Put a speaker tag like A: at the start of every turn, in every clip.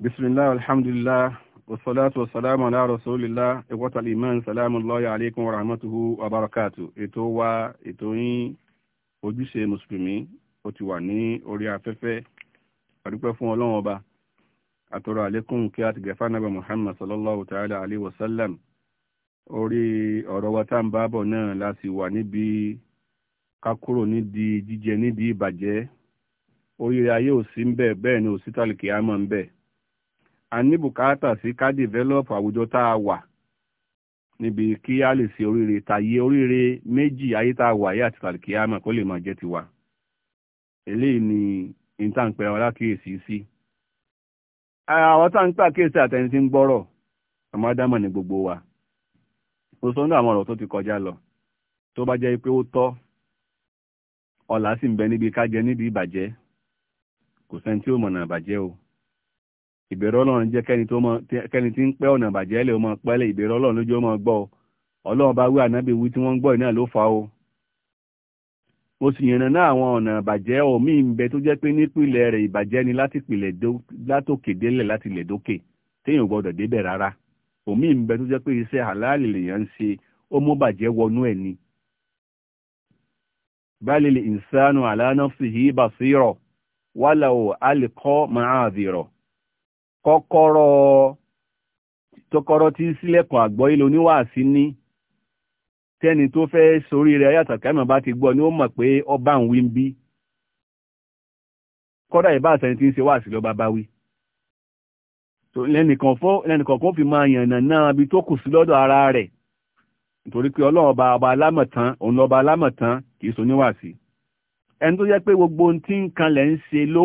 A: bisimilahi alhamdulilah wasalaatu wasalaamu ala rasulillah iwata liman salamu allahi alaikum wa rahmatuhu wa barakatu ètò wa ètò yín ojúṣe mùsùlùmí ó ti wà ní orí afẹ́fẹ́ àdúpẹ́ fún ọlọ́run ọba àtọrọ àlékún kí a ti gẹ̀fà nàbà muhammad sallallahu ta'ala alaihi wasallam orí ọ̀rọ̀ wa tá ń bá bọ̀ náà la sì wà níbi ká kúrò nídìí jíjẹ nídìí ìbàjẹ́ ayé ò sí ń bẹ̀ ni ò sí tàlùkì àmọ́ a ní bùkátà sí ká develop àwùjọ tá a wà níbi kí a lè ṣe oríire tàyé oríire méjì ayé tá a wà yé àti tàlìkíyàmà kó lè máa jẹ́ tiwa eléyìí ni ìtànpẹ́ wọn lákìyèsí sí àwọn tá ń pè àkíyèsí àtẹni tí ń gbọ́rọ̀ ọmọ ádámọ̀ ní gbogbo wa ó sọ ní àwọn ọ̀rọ̀ tó ti kọjá lọ tó bá jẹ́ pé ó tọ́ ọ̀la sì ń bẹ níbi ká jẹ níbi ìbàjẹ́ kò sẹ́ni tí ó mọ̀nà ìbàjẹ́ o. ìbẹ̀rù ọlọ́run jẹ́ kẹni tí ń pẹ́ ọ̀nà bàjẹ́ lè ọmọ pẹ́lẹ̀ ìbẹ̀rù ọlọ́run lójú ọmọ gbọ́ ọ ọlọ́run bá wí ànábì wí tí wọ́n ń gbọ́ iná ló fa o. mo sì yànnà náà àwọn ọ̀nà ìbàjẹ́ omi ń tó jẹ́ pé nípìnlẹ̀ rẹ̀ ni látòkè délẹ̀ láti ilẹ̀ dókè téèyàn débẹ̀ rárá omi tó jẹ́ pé iṣẹ́ àlàálì lèèyàn ń ṣe ó mú bàjẹ́ wọnú ẹ̀ ni. kọ́kọ́rọ́ tọkọ́rọ́ tí sílẹ̀kùn àgbọ́ ilé oníwàásí ní tẹ́ni tó fẹ́ sórí rẹ̀ yàtọ̀ kẹ́mọ̀ bá ti gbọ́ ni ó mọ̀ pé ọba ń wí ń bí kọ́dà ìbá àtẹni tí ń ṣe wàásí lọ́ba bá wí lẹ́nìkan kó fi máa yànnà náà bí tó kù sí lọ́dọ̀ ara rẹ̀ nítorí pé ọlọ́run ọba ọba alámọ̀tán òun lọ́ba alámọ̀tán kìí wasi. níwàásí ẹni tó jẹ́ pé gbogbo ohun tí ń kanlẹ̀ ń ṣe ló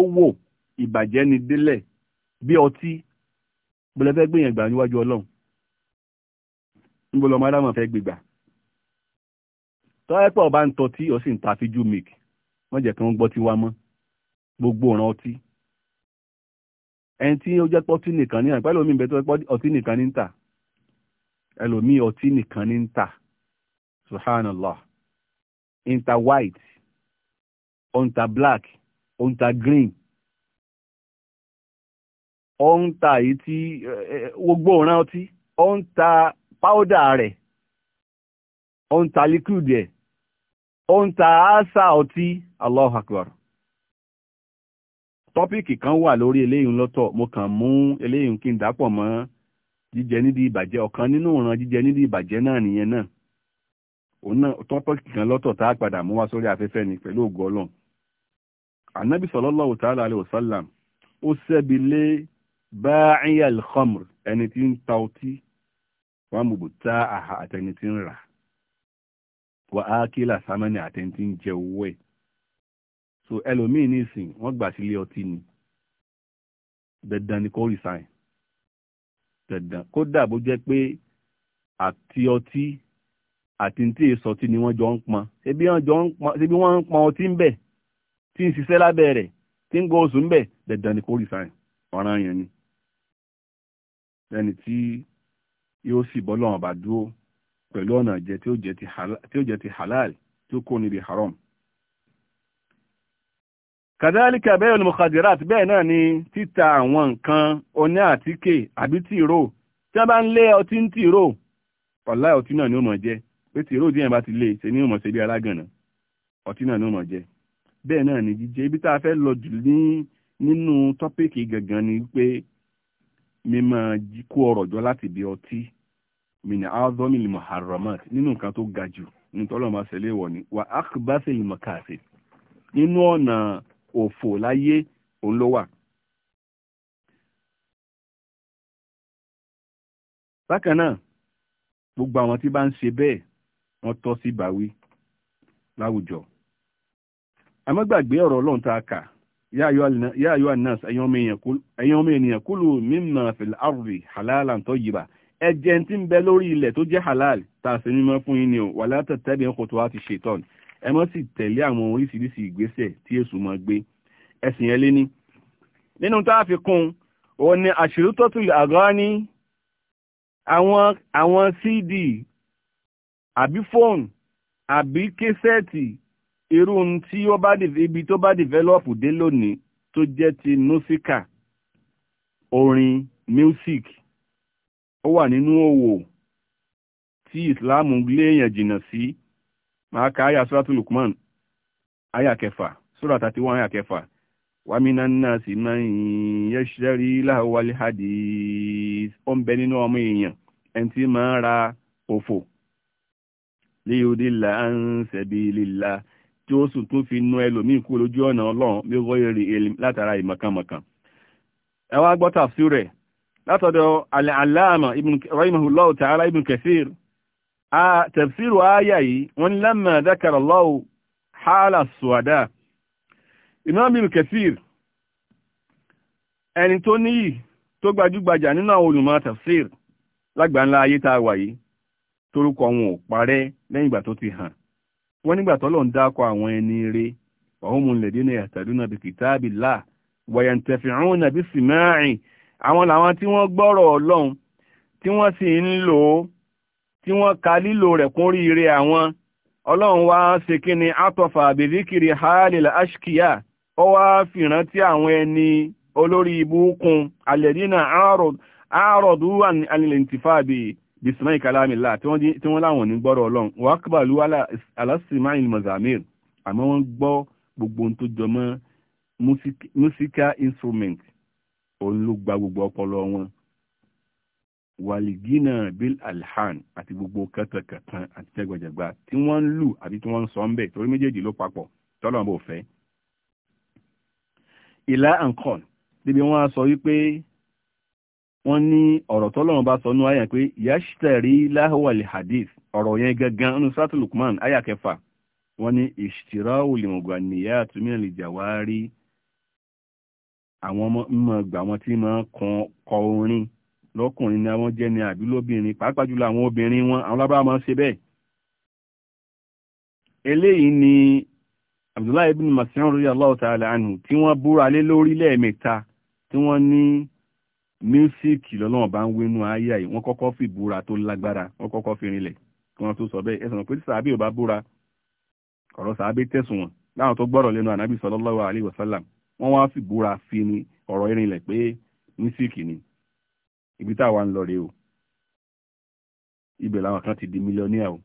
A: ìbàjẹ́ ni délẹ̀ bí ọtí bọ́lẹ̀ fẹ́ gbìyàn gbà níwájú ọlọ́run níbọ̀lọ́ mọ́dámọ̀ fẹ́ gbìgbà tọ́ẹ́pọ̀ bá ń tọ́ tí ó sì ń ta fíjú mic wọ́n jẹ́ kí wọ́n gbọ́ tí wá mọ́ gbogbo ọ̀ràn ọtí ẹni tí ó jẹ́ pọ́tí nìkan ní àpá ẹlòmíì bẹ́ẹ̀ tó jẹ́ ọtí nìkan ní ń tà ẹlòmíì ọtí nìkan ní ń subhanallah ń ta white ó ń ta black ó ń ta green ọ ń ta èyí tí gbogbo òran ọtí ọ ń ta páódà ọ ń ta liquid ẹ̀ ó ń ta áásà ọtí Allahu Akbar kan wà lórí eléyìí lọ́tọ̀ mo kàn mú eléyìí kí n dàpọ̀ mọ́ jíjẹ nídìí ìbàjẹ́ ọ̀kan nínú ìran jíjẹ nídìí ìbàjẹ́ náà nìyẹn náà òun náà kan lọ́tọ̀ tá a padà mú wá sórí afẹ́fẹ́ ni pẹ̀lú Ọlọ́run lé báyà alhamr ẹni tí ń ta ọtí wọ́n mú bò tá àhà àtẹni tí ń rà wà á kílà sámánì àtẹni tí ń jẹ owó ẹ̀ so ẹlòmíì nísìn wọ́n gbà sílé ọtí ni dandan ni kó resign dandan kódà bó jẹ́ pé àti ọtí àti tí èso ọtí ni wọ́n jọ ń pọn ṣebí wọ́n ń pọn ọtí ń bẹ̀ tí ń ṣiṣẹ́ lábẹ́ rẹ̀ tí ń gbọ́ oṣù ń bẹ̀ dandan ni kó resign ọ̀ràn yẹn ni lẹ́ni tí yóò sì bọ́ lọ́wọ́n bá dúró pẹ̀lú ọ̀nà jẹ tí ó jẹ ti halal tí ó kó níbi haram. kàdálíkà bẹ́ẹ̀ ni mukadirat bẹ́ẹ̀ náà ni títa àwọn nǹkan oní àtíkè àbí tìró tí wọ́n bá ń lé ọtí ń tìró ọ̀la ọtí náà ni ó mọ̀ jẹ́ pé tìró díẹ̀ bá ti lé ṣe ni ó mọ̀ ṣe bí alágànná ọtí náà ni ó mọ̀ jẹ́ bẹ́ẹ̀ náà ni jíjẹ ibi tá a fẹ́ lọ jù ní nínú tọ́píkì gangan ni pé mímọ kó ọrọ̀ jọ láti bí ọtí mina azomi muharramat nínú nǹkan tó ga jù ní tọ́lọ́mọ sẹ́lẹ̀ wọ̀ ni wà ákùbáṣe ìmọ̀kàṣe nínú ọ̀nà òfò láyé òun ló wà. bákan náà gbogbo àwọn tí bá ń ṣe bẹ́ẹ̀ wọ́n tọ́ sí bàwí láwùjọ àmọ́ gbàgbé ọ̀rọ̀ ọlọ́run tá a kà ya ayyuhan nas ẹ̀yin ọmọ ènìyàn kúlù mimma fil ardi halalan tayyiba ẹjẹ tí ń bẹ lórí ilẹ̀ tó jẹ́ halal tá a ṣe mímọ́ fún yín ni o wala tattabi khutuwati shaitan ẹ má sì tẹ̀lé àwọn oríṣiríṣi ìgbésẹ̀ tí èṣù máa gbé ẹ̀sìn yẹn lé nínú tá a fi kún òun ni àṣírútọ́tùl àgání àwọn cd àbí fóònù àbí késẹ́ẹ̀tì irú tí ó bá ibi tó bá develop dé lónìí tó jẹ́ ti nọ́síkà orin music ó wà nínú òwò tí ìsìláàmù lé èèyàn jìnnà sí máa ka àyà sọ́ràtù lukman àyà kẹfà sura 31 àyà kẹfà wa minan nasi man yashari lahwal hadith ó ń bẹ nínú ọmọ èèyàn ẹni tí máa ra òfò liyudilla an sabilillah tí ó sùn tún fi nu ẹlòmíì kú lójú ọ̀nà ọlọ́run bí ó wọ́yẹ̀ rí elim látara ìmọ̀kànmọ̀kàn. ẹ wá gbọ́ tàfsí rẹ̀ látọ̀dọ̀ aláàmà rahimahullahu ta'ala ibn kathir tafsiru aya yìí wọ́n ní lamma dhakara Allahu hala suwada imam ibn kathir ẹni tó níyì tó gbajúgbajà nínú àwọn olùmọ̀ tafsir lágbàńlá ayé tá a wà yìí torúkọ wọn ò parẹ́ lẹ́yìn ìgbà tó ti hàn wọ́n nígbà tọ́lọ̀ ń dákọ̀ àwọn ẹni rẹ̀ ọ̀hún lẹ̀dínà yahtaduna bi kitabillah wa yantafi'una bi sima'i àwọn làwọn tí wọ́n gbọ́rọ̀ ọlọ́run tí wọ́n sì ń lò ó tí wọ́n ka lilo rẹ̀ kún ríire àwọn ọlọ́run wá ṣe kí ni atọ́fà àbèríkiri halil ashkiya ó wá fìrántí àwọn ẹni olórí ibùkún alẹ́dínà àárọ̀dúwà alìlẹ̀ntìfàbì bisimai kalamila tí wọ́n láwọn ní gbọ́rọ̀ ọlọ́run wọ́n kábàlú alásìmáì mozamir àmọ́ wọ́n gbọ́ gbogbo tó jọ mọ́ musical instrument òun ló gba gbogbo ọpọlọ wọn wàlìgínà bill alhan àti gbogbo kẹtẹkẹtàn àti tẹgbẹjẹgba tí wọ́n ń lù àti tí wọ́n ń sọ ń bẹ̀ torí méjèèjì ló papọ̀ tọ́lọ́mọ òfẹ́ ìlà àǹkọ́n níbi wọ́n sọ wípé wọ́n ní ọ̀rọ̀ tọ́lọ́run bá sọ nú àyà pé yashtari lahwal hadith ọ̀rọ̀ yẹn gangan nínú sátú lukman àyà kẹfà wọ́n ní ishtirau limughaniyat min aljawari àwọn ọmọ mímọ gbà wọn tí máa kan kọ orin lọ́kùnrin ni àwọn jẹ́ ni àbí lóbìnrin pàápàá jùlọ àwọn obìnrin wọn àwọn lábára máa ń ṣe bẹ́ẹ̀ eléyìí ni abdullahi ibn mas'ud radiyallahu ta'ala anhu tí wọ́n búra lé lórí lẹ́ẹ̀mẹ́ta tí wọ́n ní mísíkì lọ́lọ́wọ́n bá ń wínú ayé àyè wọ́n kọ́kọ́ fi búra tó lágbára wọ́n kọ́kọ́ fi rinlẹ̀ kí wọ́n tó sọ bẹ́ẹ̀ ẹ̀sùn pé sàábì ò bá búra ọ̀rọ̀ sàábì tẹ̀sùn wọn láwọn tó gbọ́rọ̀ lẹ́nu ànábì sallallahu alaihi wasallam wọ́n wá fi búra fi ni ọ̀rọ̀ irinlẹ̀ pé mísíkì ni ibi táwa ń lọ rèé o ibẹ̀ làwọn kan ti di mílíọ̀níà o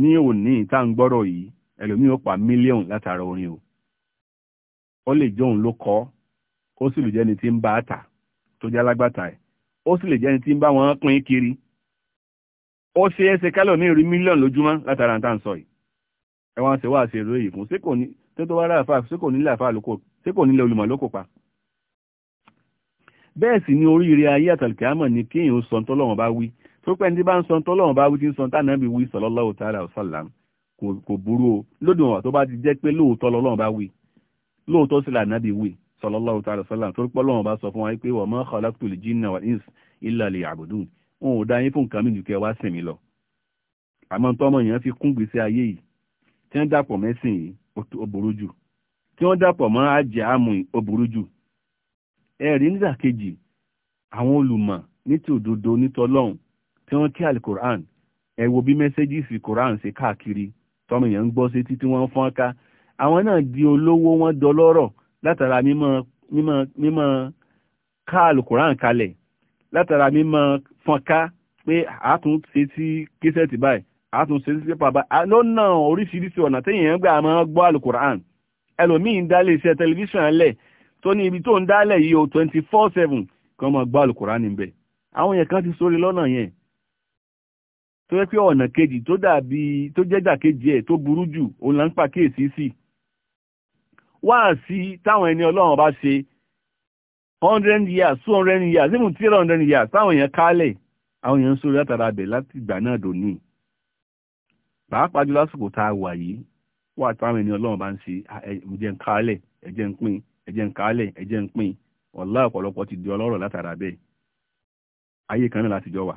A: ní òní tá à ń gbọ́rọ̀ yìí ẹlòmíì ó pa mílíọ̀n látara orin o ó lè jẹ́ ló kọ́ ó sì lè jẹ́ni tí ń bá àtà tó jẹ́ alágbàtà ẹ̀ ó sì lè jẹ́ni tí ń bá wọn pín kiri ó ṣe é ṣe kálọ̀ ní ìrí mílíọ̀nù lójúmọ́ látara ń tà ń sọ yìí ẹwọ́n ṣe wá ṣe èrò èyí fún sí kò ní sí kò nílẹ̀ olùmọ̀ lóko pa bẹ́ẹ̀ sì ni oríire ayé àtàlùkẹ́ àmọ̀ ni kí èèyàn sọ tọ́lọ́wọ́n bá wí tó pẹ́ ní bá ń sọ tọ́lọ́wọ́n bá wí tí ń sọ tánà bí wí sallallahu ta'ala wa sallam kò burú o lódìwọ̀n tó bá ti jẹ́ pé lóòótọ́ lọ́lọ́wọ́n bá wí lóòótọ́ sí lànà bí wí sallallahu ta'ala sallam torí pé Ọlọ́run bá sọ fún wa pé wa ma khalaqtul jinna wal insa illa liya'budun òun ò dá yín fún nǹkan mìíràn kẹ́ wá sìn mí lọ. àmọ́ tọ́mọ yẹn fi kún gbèsè ayé yìí tí wọ́n dàpọ̀ mẹ́sìn yìí ó burú jù tí wọ́n dàpọ̀ mọ́ àjẹ́ àmù yìí ó burú jù. ẹ̀rí nígbà kejì àwọn olùmọ̀ ní ti òdodo nítọ́lọ́hún tí wọ́n kí alukur'an ẹ látara mímọ̀ ká alukoran kalẹ̀ látara mímọ̀ fọ́nká pé àátún ṣe sí késẹ́ẹ̀tì báyìí àátún ṣe sí pépà báyìí lọ́nà oríṣiríṣi ọ̀nà téèyàn gbà máa gbọ́ alukoran ẹlòmíín dálé iṣẹ́ tẹlifíṣàn lẹ̀ tó ní ibi tó ń dálẹ̀ yìí o twenty four seven kan máa gbọ́ alukoran níbẹ̀ àwọn yẹn kan ti sórí lọ́nà yẹn tó yẹ pé ọ̀nà kejì tó dàbí tó jẹ́jà kejì ẹ̀ tó burú jù òun là ń pàkíyèsí sí wáàsí táwọn ẹni ọlọ́run bá ṣe hundred years two hundred years even three hundred years táwọn èèyàn kálẹ̀ àwọn èèyàn sórí látara náà dòní pàápàá jù lásìkò tá a wà yìí wà táwọn ẹni ọlọ́run bá ń ṣe ẹ̀jẹ̀ ń kálẹ̀ ẹ̀jẹ̀ ń pín ń kálẹ̀ ti di ọlọ́rọ̀ látara bẹ́ẹ̀ ayé kan náà láti jọ wà.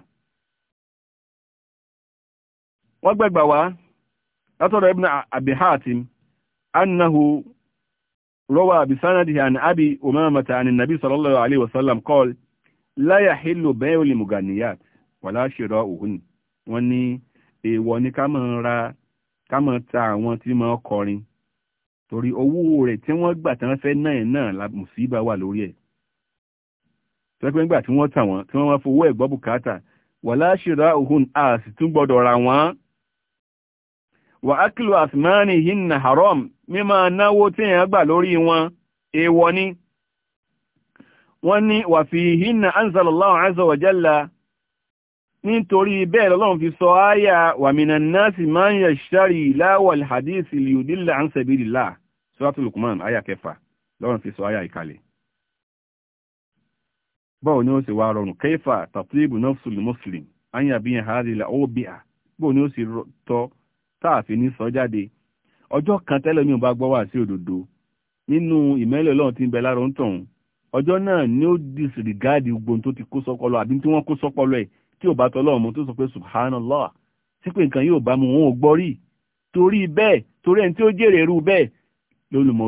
A: wọ́n gbẹ̀gbà wá látọ̀dọ̀ ibn روى بسنده عن أبي أمامة عن النبي صلى الله عليه وسلم قال لا يحل بيع المغنيات ولا شراؤهن وني ní èèwọ̀ ni ká máa ra ká máa ta àwọn tí máa kọrin torí owó rẹ̀ tí wọ́n gbà tí wọ́n fẹ́ náà náà la mùsíbà wà lórí ẹ̀ tọ́pẹ́ nígbà tí wọ́n tà wọ́n tí wọ́n máa fowó ẹ̀ gbọ́ bùkátà wala shira'uhun a sì tún gbọ́dọ̀ ra wọ́n wà ákìlù àtìmáàni hinna haram mímọ̀ náwó tí èèyàn gbà lórí wọn èèwọ̀ ni wọ́n ní wà fi hinna wa jalla nítorí bẹ́ẹ̀ lọ́lọ́run fi sọ áyà wà minan nasi man yashari láwọl hadithi Liudilla an sabilillah suratul Luqman áyà kẹfà lọ́run fi sọ ìkàlẹ̀ ni ó sì wá rọrùn kẹfà tàtíbù muslim ni táàfin ní sọ jáde ọjọ́ kan tẹ́lẹ̀ mi ò bá gbọ́ sí òdodo nínú ìmẹ́lẹ̀ ọlọ́run ń bẹ lára ń tọ̀hún ọjọ́ náà ni ó disregard gbogbo tó ti kó sọ́pọlọ àbí tí wọ́n kó sọ́pọlọ ẹ̀ tí ò bá tọ́lọ́ ọmọ tó sọ pé pé nǹkan yóò bá mu wọn ò gbọ́ rí torí bẹ́ẹ̀ torí ẹni tí ó jèrè bẹ́ẹ̀ lólùmọ̀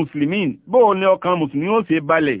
A: muslimin bóò ní ọkàn mùsùlùmí ó balẹ̀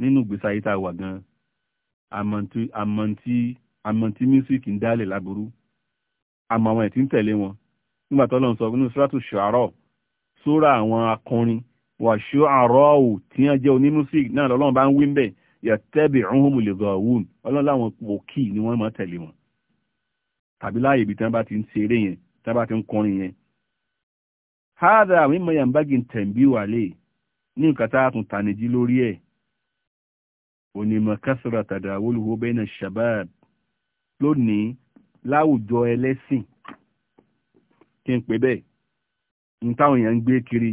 A: nínú ìgbésí ayé tá a wà gan amọ̀ntí amọ̀ntí amọ̀ntí music ń dálẹ̀ láburú àmọ́ àwọn ẹ̀ tí ń tẹ̀lé wọn nígbà tó lọ́n sọ nínú sọ́tù ṣàárọ̀ sóra àwọn akọrin wàṣọ àárọ̀ ò tí wọ́n jẹ́ oní music náà lọ́lọ́run bá ń wí ń bẹ̀ yàtẹ́bì ọ̀hún lè gbọ̀ wùn ọlọ́run láwọn òkì ni wọ́n máa tẹ̀lé wọn tàbí láàyè ibi tí wọ́n bá ti ń ṣeré yẹn tí wọ́n bá ti ń kọrin yẹn. hádà àwọn ìmọ̀ yàmbági tẹ̀m̀bí wà lè ní nǹkan tá a tún tànìjí lórí ẹ̀ onímọ̀ kásìrà tàdáwólúwó bẹ́ẹ̀nà shabab lónìí láwùjọ ẹlẹ́sìn kí n pè bẹ́ẹ̀ ní táwọn èèyàn ń gbé kiri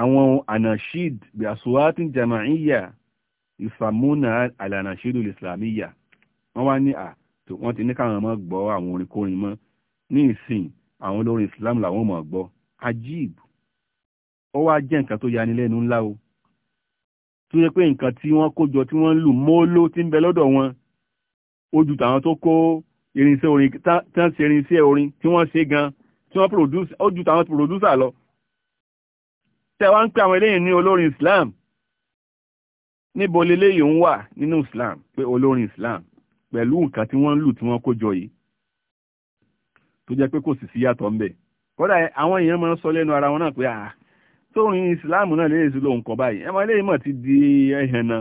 A: àwọn anashid bí aswatin jama'iyya ìfàmúnà alanashidul islamiyya wọ́n wá ní à tó wọ́n ti ní káwọn máa gbọ́ àwọn orin kórin mọ́ ní ìsìn àwọn olórin islam làwọn máa gbọ́ ajib ó wá jẹ́ nǹkan tó yanilẹ́nu ńlá o tó yẹ pé nǹkan tí wọ́n kó jọ tí wọ́n ń lù mọ́ọ́ló tí ń bẹ lọ́dọ̀ wọn ojú tàwọn tó kó irinṣẹ́ orin tán ṣe irinṣẹ́ orin tí wọ́n ṣe gan tí wọ́n produce ojú tàwọn producer lọ tẹ́ wá ń pè àwọn eléyìí ní olórin Islam níbo leléyìí ń wà nínú Islam pé olórin Islam pẹ̀lú nǹkan tí wọ́n ń lù tí wọ́n kó jọ yìí tó jẹ́ pé kò sì síyàtọ̀ ń bẹ̀ kódà àwọn èèyàn máa ń sọ lẹ́nu ara wọn náà pé àà ah, tórin ìsìláàmù náà lè ṣe lóhun kan báyìí ẹmọ ilé ìmọ̀ ti di ẹ̀hàn náà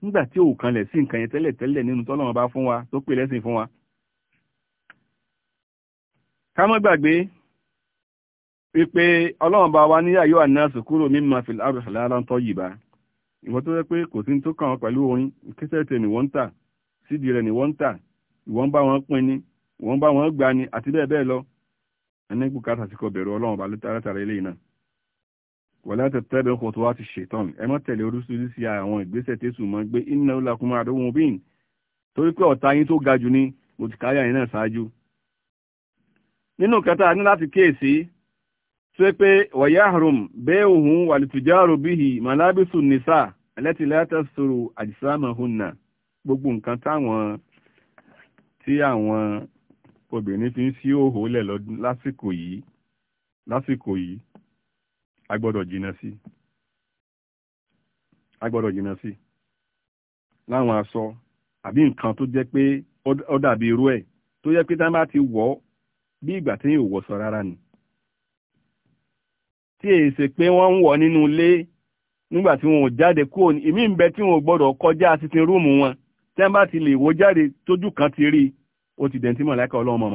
A: nígbà tí ò kanlẹ̀ sí nǹkan yẹn tẹ́lẹ̀ tẹ́lẹ̀ nínú tọ́lọ́run bá fún wa tó pè lẹ́sìn fún wa. ká má gbàgbé wípé ọlọ́run bá wa ní ayé ànáàsì kúrò mímọ́ fìlà àrùsàlẹ̀ aláǹtọ́ yìí bá ìwọ́n tó yẹ pé kò sí tó kàn wọ́n pẹ̀lú orin kẹsẹ̀tẹ̀ ni wọ́n ń tà sídìí rẹ̀ ni wọ́n ń tà ìwọ́n bá wọn pín ni ìwọ́n bá wọn gbà ni àti bẹ́ẹ̀ bẹ́ẹ̀ lọ ẹni bùkátà sí kò bẹ̀rù ọlọ́run bá látara eléyìí náà wọ̀lá tẹ̀tẹ̀bẹ̀ kọ̀tọ̀ wá ti ṣètàn ẹ má tẹ̀lé oríṣiríṣi àwọn ìgbésẹ̀ tẹ̀sù mọ́ gbé iná lakúnmọ́ àdóhùn bíìn torí pé ọ̀tá yín tó ga jù ní mo ti káyà yín náà ṣáájú. nínú kẹta ní láti kíyèsí tó yẹ pé wọ̀yá àrùn bẹ́ẹ̀ òhun wàlùtùjáàrò bíhì màlábísù nìsà ẹlẹ́tìlẹ́tà sòrò àjìsámàhùnà gbogbo nǹkan táwọn tí àwọn obìnrin fi ń sí òhò lẹ̀ lásìkò yìí lásìkò yìí a gbọ́dọ̀ sí a gbọ́dọ̀ sí láwọn asọ àbí nǹkan tó jẹ́ pé ó dàbí irú ẹ̀ tó jẹ́ pé tá bá ti wọ̀ ọ́ bí ìgbà tí yóò wọ̀ sọ rárá ni tí èyí ṣe pé wọ́n ń wọ̀ nínú ilé nígbà wọn ò jáde kúrò ní ìmí tí wọn wọn tí bá ti kan ti rí ó ti dẹ̀ntí ọlọ́run ọmọ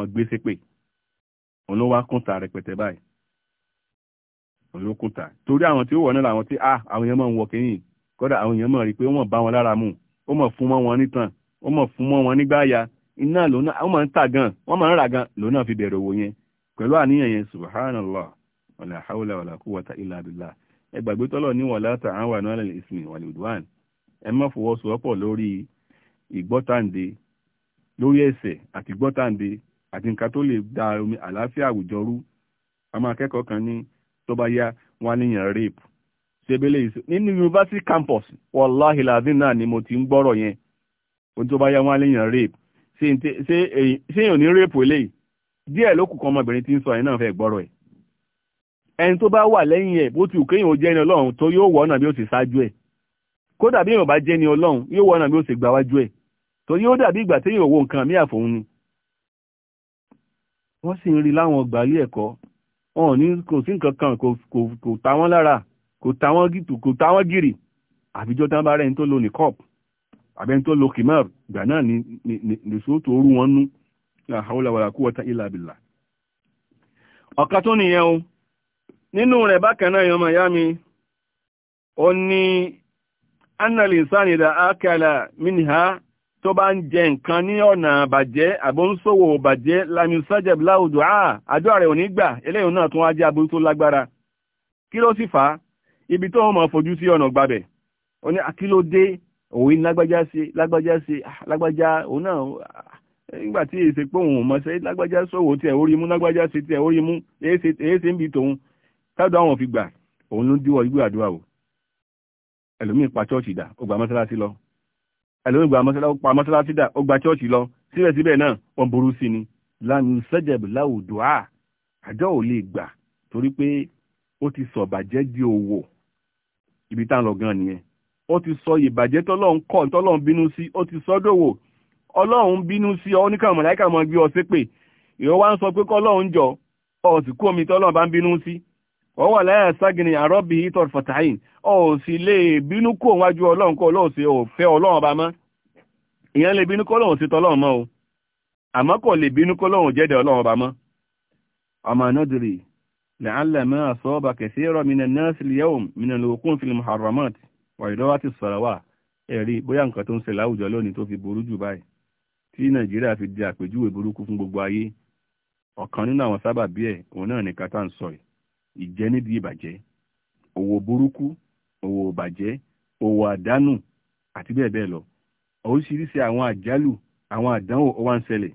A: rẹpẹtẹ báyìí olókùtà torí àwọn tí ó wọ̀ náà làwọn tí ah àwọn èèyàn máa ń wọ kẹ́yìn kódà àwọn èèyàn máa rí pé ó mọ̀ bá wọn lára mu ó mọ̀ fún mọ́ wọn nítàn ó mọ̀ fún mọ́ wọn nígbà ya iná lónà ó máa ń tà gan wọ́n máa ń rà gan lónà fi bẹ̀rẹ̀ owó yẹn pẹ̀lú àníyàn yẹn subhanallah wàlà hawla wàlà quwwata illa billah ẹ gbàgbé tọ́lọ̀ ní wàlà ta'awanu 'ala ismi wal 'udwan ẹ má fọwọ́sowọ́pọ̀ lórí ìgbọ́tàǹde lórí ẹ̀ṣẹ̀ àti ìgbọ́tàǹde àti nǹkan tó lè da àlàáfíà àwùjọ rú ọmọ akẹ́kọ̀ọ́ kan ní tó bá yá wọn níyàn rape ṣebele ìṣe nínú university campus wàláhì làdín náà ni mo ti ń gbọ́rọ̀ yẹn ohun tó bá yá wọn níyàn rape ṣé èèyàn ní rape eléyìí díẹ̀ ló kù kan ọmọbìnrin tí ń sọ yẹn náà fẹ́ gbọ́rọ̀ ẹ̀ ẹni tó bá wà lẹ́yìn ẹ̀ bó ti wù kéèyàn jẹ́ ni ọlọ́run tó yóò wọ ọ̀nà bí ó ti ṣáájú ẹ̀ kódà bí èèyàn bá jẹ́ ni ọlọ́run yóò wọ ọ̀nà bí ó ti gbà ẹ̀ tó yóò dàbí ìgbà téèyàn wo nǹkan mí àfòun ni wọ́n sì ń rí láwọn ọgbà ilé ẹ̀kọ́ wọn ní kò sí nǹkan kan kò ta wọ́n lára kò ta wọ́n gírì àbíjọ́ tán bá rẹ̀ ní tó lo nìkọ́p àbẹ́ni tó lo kìmọ́r ìgbà náà ni nìṣó tó rú wọn nú la haula wala quwwata illa billah ọ̀kan tó nìyẹn o nínú rẹ̀ bákan náà yọmọ ìyá mi ó ní annal insani da akala minha tó bá ń jẹ nǹkan ní ọ̀nà bàjẹ́ àbóńsòwò bàjẹ́ lami sajab láwùjọ àà àjọ rẹ̀ ò ní gbà eléyìí náà tún wá jẹ́ aburú tó lágbára kí ló sì fà á ibi tó mọ̀ fojú sí ọ̀nà gbabẹ̀ ó ní kí ló dé òun lágbájá sí lágbájá sí lágbájá òun náà nígbà tí èsè pé òun mọ̀ sẹ́ lágbájá sòwò tiẹ̀ orí mú lágbájá sí tiẹ̀ orí mú èsè ń bi tòun tábìlì àwọn òfin gbà òun ló díwọ́ igbó àdúrà o ẹlòmíì pa chọ́ọ̀chì ẹlòmí gba mọ́sálásí dà ó gba chọ́ọ̀chì lọ síbẹ̀síbẹ̀ náà wọ́n burú sí ni lanu sẹ́jẹ̀bù láwùjọ à àjọ ò lè gbà torí pé ó ti sọ ìbàjẹ́ di òwò ibi tá à ń lọ gan nìyẹn ó ti sọ ìbàjẹ́ tọ́lọ́run kọ̀ tọ́lọ́run bínú sí ó ti sọ dòwò ọlọ́run bínú sí ọ oníkàwọn mọ̀láìkà mọ̀ gbé ọ ṣépè ìwọ wá ń sọ pé kọ́lọ́run jọ ọ sì kú omi tọ́lọ́run bá ń bínú sí wọ́n wà láyà ságìnì àrọ́bì ìtọ̀ fọ̀tàyìn ọ̀ sì lè bínú kó wájú ọlọ́run kó lóò sí òfẹ́ ọlọ́run ọba mọ́ ìyẹn lè bínú kó lóò sí tọ́lọ́run mọ́ o àmọ́ kò lè bínú kó lóò jẹ́dẹ̀ ọlọ́run ọba mọ́. ọmọ anadiri làálà máa sọ ọba kẹsí ẹrọ mina nọọsì lẹwùn mina lókun fílìm haramat wà ìdọ́wà ti sọ̀rọ̀ wà ẹ̀rí bóyá nǹkan tó ń ṣe láwùjọ lónìí tó fi burú jù báyìí tí nàìjíríà fi di àpèjúwe burúkú fún gbogbo ayé ọ̀kan nínú àwọn sábàbí ẹ̀ òun náà ní kátà ń sọ yìí ìjẹ́ nídìí ìbàjẹ́ òwò burúkú òwò ìbàjẹ́ òwò àdánù àti bẹ́ẹ̀ bẹ́ẹ̀ lọ oríṣiríṣi àwọn àjálù àwọn àdánwò ó wá ń ṣẹlẹ̀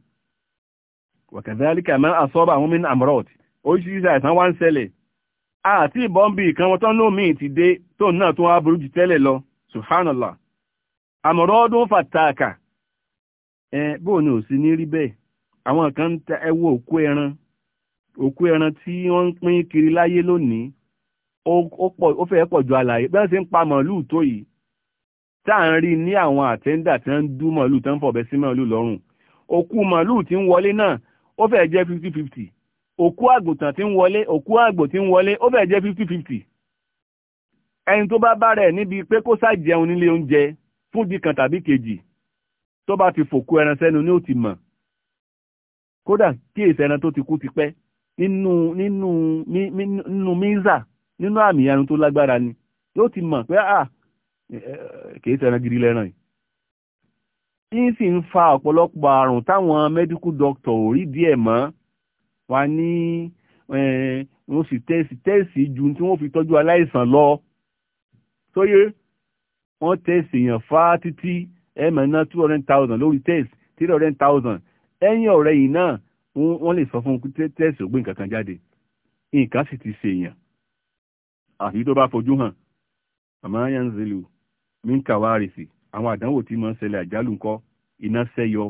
A: wàkàtàlíkà máa àsọ́bà àwọn mìíràn àmọ́rọ̀tì oríṣiríṣi àìsàn wá ń ṣẹlẹ̀ àti ìbọn bí ìkan tán náà míì ti dé tóun náà tó wá burú tẹ́lẹ̀ lọ subhanallah la. fàtàkà ẹ bóun ò sí ní kan ta ẹwọ́ òkú ẹran òkú ẹran tí wọ́n ń pín kiri láyé lónìí ó fẹ́ pọ̀ ju àlàyé bí wọ́n ṣe ń pa màálùú tó yìí tá à ń rí ní àwọn àtẹ́ńdà tí wọ́n ń dú màálùú tó ń fọ̀bẹ sí màálùú lọ́rùn òkú màálùú tí ń wọlé náà ó fẹ́ jẹ́ fifty fifty òkú àgùntàn tí ń wọlé òkú àgbò tí ń wọlé ó fẹ́ jẹ́ fifty fifty ẹni tó bá bá rẹ̀ níbi pé kó sá jẹun nílé oúnjẹ fún dìkan tàbí kejì tó bá ti fòkú ẹran sẹ́nu ni ó ti mọ̀ kódà kí èsì ẹran tó ti kú ti pẹ́ nínú nínú nínú mísà nínú àmì ìyanu tó lágbára ni yóò ti mọ̀ pé à ah, kìí sẹ́ran gidi lẹ́ràn yìí yín sì ń fa ọ̀pọ̀lọpọ̀ àrùn táwọn medical doctor ò rí díẹ̀ mọ́ wa ní wọ́n sì tẹ́sì tẹ́sì ju tí wọ́n fi tọ́jú aláìsàn lọ sóyè wọ́n tẹ́sì èèyàn fá títí ẹ̀mẹ̀ náà two hundred thousand lórí tẹ́sì three hundred thousand ẹ̀yìn ọ̀rẹ́ yìí náà wọ́n lè sọ fún tẹ́ẹ̀sì ògbé nǹkan kan jáde nǹkan sì ti ṣe èèyàn àfi tó bá fojú hàn àmọ́ yẹn ń zèlú mí ń kàwá rèsì àwọn àdánwò tí máa ń ṣẹlẹ̀ àjálù ńkọ́ iná sẹ́yọ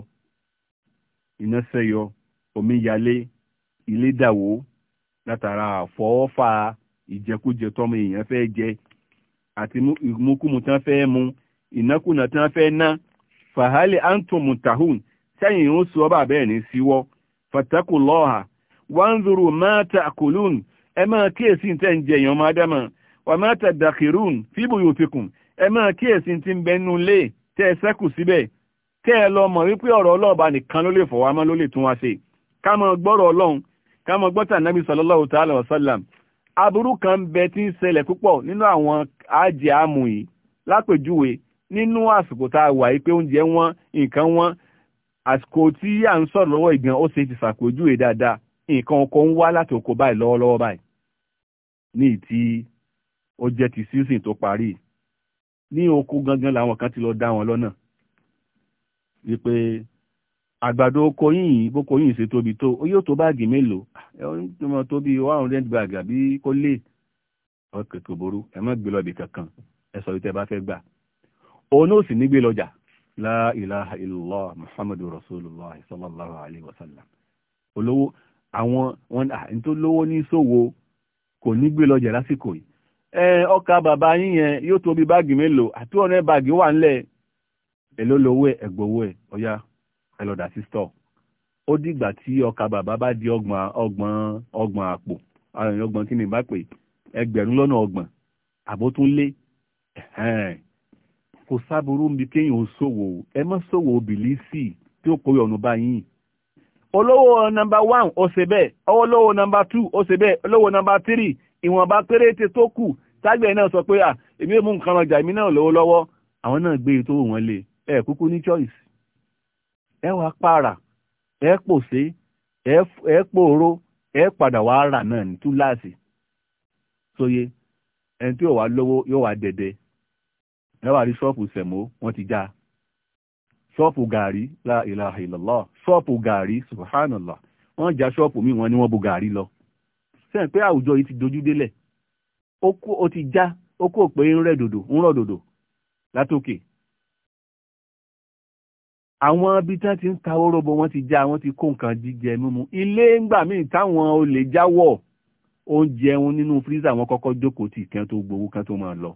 A: iná sẹ́yọ omi yalé ilé dàwó látara àfọwọ́fà ìjẹkújẹ tọmọ èèyàn fẹ́ jẹ àti ìmúkúmu tán fẹ́ mu ìnákùnà tán fẹ́ ná fàhálẹ̀ antomu tahun sẹ́yìn ń sọ ọba ẹ̀ ní síwọ́. Si fattaqullaha wanzuru ma ta'kulun ẹ máa kíyèsí tẹ́ ń jẹ èèyàn ọmọ ádámà wà ma tadakhirun fi buyutikum ẹ máa kíyèsí tí ń bẹnu lé tẹ́ ẹ sẹ́kù síbẹ̀ kẹ́ ẹ lọ mọ̀ wípé ọ̀rọ̀ ọlọ́ọ̀ba nìkan ló lè fọ̀ wá mọ́ ló lè tún wá ṣe ká mọ gbọ́rọ̀ ọlọ́run ká mọ gbọ́tà nábì sallallahu ta'ala wa sallam aburú kan bẹ tí ń ṣẹlẹ̀ púpọ̀ nínú àwọn àjẹ àmù yìí lápèjúwe nínú àsìkò tá a wà yìí pé oúnjẹ wọn nǹkan wọn àsìkò tí à ń sọ̀rọ̀ lọ́wọ́ ìgan ó ṣe ti ṣàpèjúwe dáadáa nǹkan ọkọ̀ ń wá láti oko báyìí lọ́wọ́lọ́wọ́ báyìí ní ìtí ó jẹ́ ti season tó parí ní oko gangan làwọn kan ti lọ dá wọn lọ́nà wípé àgbàdo oko yìnyín bóko yìnyín ṣe tóbi tó yóò tó báàgì mélòó ah, ẹ̀rọ tó bí one hundred bag àbí kó lè ọkẹ̀ tó ború ẹ má gbé lọ ibì kankan ẹ sọ wípé ẹ bá fẹ́ gbà òun náà sì ní gbé lọ́jà la ilaha illallah muhammadu rasulullah sallallahu alayhi wa sallam olówó àwọn wọn ní ah, tó lówó ní sòwò kò ní gbé lọ́jà lásìkò yìí ẹ ọkà bàbá yín yẹn yóò tóbi báàgì mélòó àti ọ̀nà báàgì wà ńlẹ̀ èló lówó ẹ ẹgbowó ẹ ọ̀yá ẹ lọ́dà sí stọ̀ ó dìgbà tí ọkà baba ba di ọgbọ̀n ọgbọ̀n ọgbọ̀n àpò ọgbọ̀n kí ni bá pè ẹgbẹ̀rún lọ́nà ọgbọ̀n àbótúnlé ẹ̀hẹ́n kò sábúrú ń bi kéèyàn ó ṣòwò ẹ má ṣòwò bìlísì tí ó kórè ọ̀nà báyìí olówó nọmba one ọ̀sẹ̀ bẹ́ẹ̀ olówó nọmba two ọ̀sẹ̀ bẹ́ẹ̀ olówó nọmba three ìwọ̀nba péréte tó kù tágbẹ̀ẹ́ náà sọ pé à èmi ò mú nǹkan ọjà èmi náà lówó lọ́wọ́ àwọn náà gbé tó wọ́n lé ẹ kúkú ní choice ẹ wá pààrà ẹ pòṣé ẹ pòró ẹ padà wá rà náà ní túláàsì sóye ẹni tí yóò wá lówó yóò wá dẹ̀dẹ̀ lẹ́wà rí ṣọ́ọ̀pù sẹ̀mó wọ́n ti já ṣọ́ọ̀pù gàrí la ilaha illallah ṣọ́ọ̀pù gàrí subhanallah wọ́n já ṣọ́ọ̀pù mi wọ́n ní wọ́n bu gàrí lọ sẹ́yìn pé àwùjọ yìí ti dojú délẹ̀ ó ti já ó kò pé ń rẹ̀ dòdò ń rọ̀ dòdò látòkè àwọn ibi tán ti ń ta oróbo wọ́n ti já wọ́n ti kó nǹkan jíjẹ mímu ilé ńgbà míì táwọn olè jáwọ́ oúnjẹ wọn nínú fírísà wọn kọ́kọ́ jókòó tì kan tó gbowó kan tó máa lọ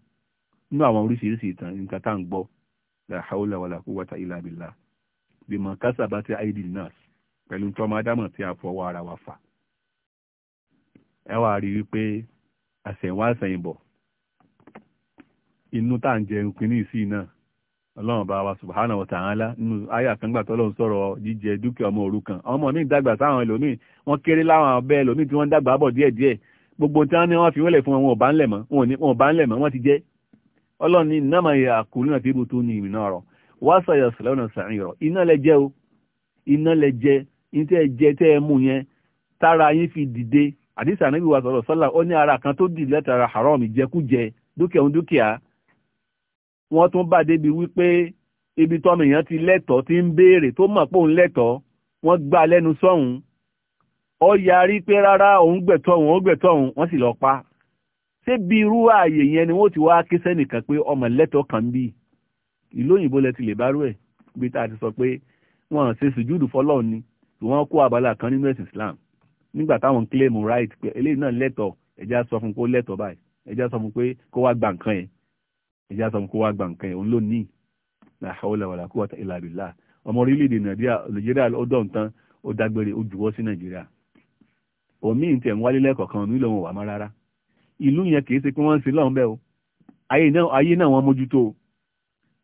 A: nínú àwọn oríṣiríṣi ìtàn nǹkan tá ń gbọ́ la haula wala quwwata illa billah bímọ kásábà ti aidi nas pẹ̀lú tọ́mọ adámọ̀ tí a fọwọ́ ara wa fà ẹ wá rí i pé àṣẹ̀wá àṣẹ̀yìnbọ̀ inú tá à ń jẹun pinnu ìsìn náà ọlọ́run bá wa subhanahu wa ta'ala nínú àyà kan gbà tọ́lọ́run sọ̀rọ̀ jíjẹ dúkìá ọmọ òrukàn ọmọ mi dàgbà sáwọn ẹlòmíì wọ́n kéré láwọn abẹ́ ẹlòmíì tí wọ́n dàgbà bọ̀ díẹ̀díẹ̀ gbogbo tí wọ́n ní wọ́n fi wọ́n lẹ̀ fún wọn wọn ò bá ń lẹ̀ mọ́ wọn ti jẹ́ ọlọ́run ní iná máa yẹ àkùrú náà tíbu tó ní ìrìnà ọ̀rọ̀ wá sàyà sílẹ̀ ọ̀nà sàárín ọ̀rọ̀ iná lẹ o iná lẹ jẹ́ ní tẹ́ ẹ jẹ mú yẹn tára yín fi dìde wa sọ̀rọ̀ sọ́là ó ní ara kan tó dì lẹ́tara haram dúkìá dúkìá wọ́n tún bá débi wípé ibi tọ́mọ ti ti ń béèrè tó mọ̀ pé òun ọ yarí pé rárá òun òun ó ṣé bí irú ààyè yẹn ni wọ́n ti wá ké sẹ́nìkan pé ọmọ lẹ́tọ̀ọ́ kan bí ìlú òyìnbó lẹ ti lè bá rú ẹ̀ gbé tá a ti sọ pé wọ́n ṣe sùjúdù fọlọ́ọ̀ ni wọ́n kó abala kan nínú ẹ̀sìn Islam nígbà táwọn claim right pé eléyìí náà lẹ́tọ̀ọ́ ẹ̀já sọ fún kó lẹ́tọ̀ọ́ báyìí ẹ̀já sọ fún pé kó wá gba nǹkan yẹn ẹ̀já sọ fún kó wá gba nǹkan yẹn òun ló ní la hawla wala quwwata illa billah ọmọ orílẹ̀-èdè Nàìjíríà ọdọ̀ nǹkan ó dágbére ó jùwọ́ sí Nàìjíríà òmíì tẹ̀ ń ìlú yẹn kìí ṣe pé wọ́n ń ṣe lọ́hùn bẹ́ẹ̀ o ayé náà wọ́n mójútó o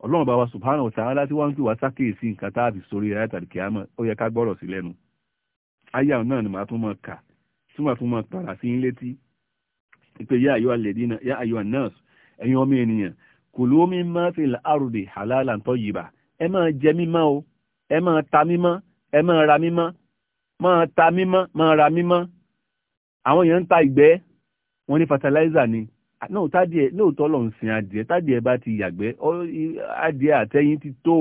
A: ọlọ́run bá wa subhanahu wa ta'ala tí wọ́n ń pè wá sákèésí nǹkan tá a bì sórí ayé tàbí kìámọ̀ ó yẹ ká gbọ́rọ̀ sí lẹ́nu ayé àwọn náà ni màá tún mọ̀ kà tí màá tún mọ̀ pàrà sí ń létí pé yá àyọ̀ alẹ́dínà yá àyọ̀ nọ́ọ̀sì ẹ̀yin ọmọ ènìyàn kulu mimma fil ardi halalan tayyiba ẹ máa jẹ mímọ́ o ẹ máa ta mímọ́ ẹ máa ra mímọ́ máa ta mímọ́ máa ra mímọ́ àwọn èèyàn ń ta ìgbẹ́ wọ́n ní fertilizer ni lóòótọ́ lọ ń sin adìẹ tádìẹ bá ti yàgbẹ́ adìẹ àtẹ̀yìn ti tó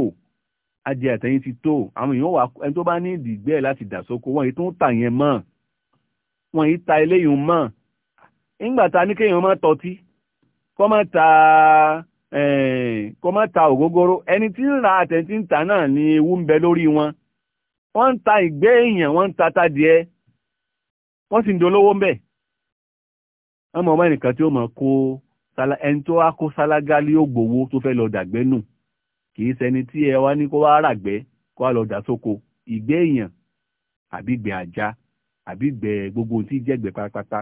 A: adìẹ àtẹ̀yìn ti tó àwọn èèyàn wà ẹni tó bá ní ìdìgbẹ́ láti dà sóko wọ́n yìí tó ń tà yẹn mọ́ wọ́n yìí ta eléyìí mọ́ nígbà tá a kéèyàn má tọ́tí kọ́ má ta eh, kọ́ má ta ògógóró ẹni tí ń ra àtẹ̀yìn tí ń tà náà ni ewu ń bẹ lórí wọn wọ́n ń ta ìgbẹ́ èèyàn wọ́n ń ta tádìẹ wọ́n sì ń dolówó ń bẹ́ẹ̀ ọmọ ọmọ ẹnìkan tí ó mọ̀ kó ẹni tó wá kó sálágá lé ògbówó tó fẹ́ lọ dàgbẹ́ nù kì í ṣẹni tí ẹ wá ní kó wá ràgbẹ́ kó wá lọ dà sóko ìgbẹ́ èèyàn àbí ìgbẹ́ ajá àbí ìgbẹ́ gbogbo tí jẹ́gbẹ́ pátápátá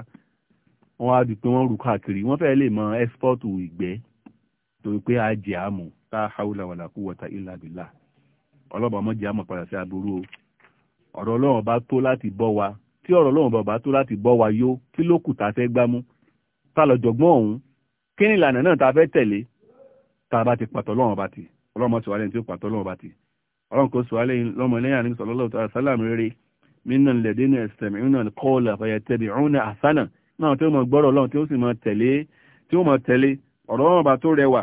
A: wọ́n á di pé wọ́n rù káàkiri wọ́n fẹ́ lè mọ ẹ́sípọ́ọ̀tù ìgbẹ́ torí pé a jẹ́ àmù tá a haúlà wàlà kú wọ́ta ìlà bìlà ọlọ́ba ọmọ jẹ́ àmọ̀ padà sí aburú o ọ̀rọ̀ ọlọ́run bá tó láti bọ́ wa tí ọ̀rọ̀ ọlọ́run bá tó láti bọ́ wa yó kí ló fẹ́ gbámú tá lọ́jọ̀gbọ́n ọ̀hún kí ni ìlànà náà tá a fẹ́ tẹ̀lé tá a bá ti pàtọ́ lọ́wọ́n bá ti ọlọ́mọ tí wà lẹ́yìn tí ó pàtọ́ lọ́wọ́n bá ti ọlọ́run kò sọ alẹ́ lọ́mọ lẹ́yìn àní sallallahu ta'ala sallam rere minna alladhina yastami'una alqawla fayattabi'una ahsana náà tí ó mọ gbọ́rọ̀ ọlọ́run tí ó sì mọ tẹ̀lé tí ó mọ tẹ̀lé ọ̀rọ̀ ọ̀rọ̀ bá tó rẹwà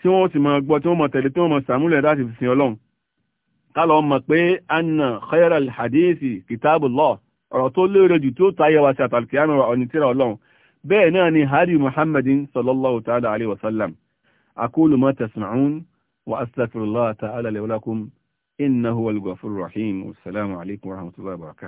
A: tí wọ́n sì mọ gbọ́ tí wọ́n mọ tẹ̀lé tí wọ́n mọ sàmúlẹ̀ láti fi sin ọlọ́run kálọ̀ mọ̀ pé anna khayral hadithi kitabullah ọ̀rọ̀ tó lérè jù tó tayẹwà sí àtàlùkìyàmọ̀ ọ̀nìtìrà ọlọ́run بين بيناني هاري محمد صلى الله تعالى عليه وسلم أقول ما تسمعون وأستغفر الله تعالى لولكم إنه هو الغفور الرحيم والسلام عليكم ورحمة الله وبركاته